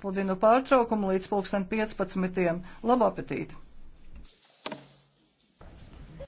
Sludinu pārtraukumu līdz pulksten 15. Labu apetīti!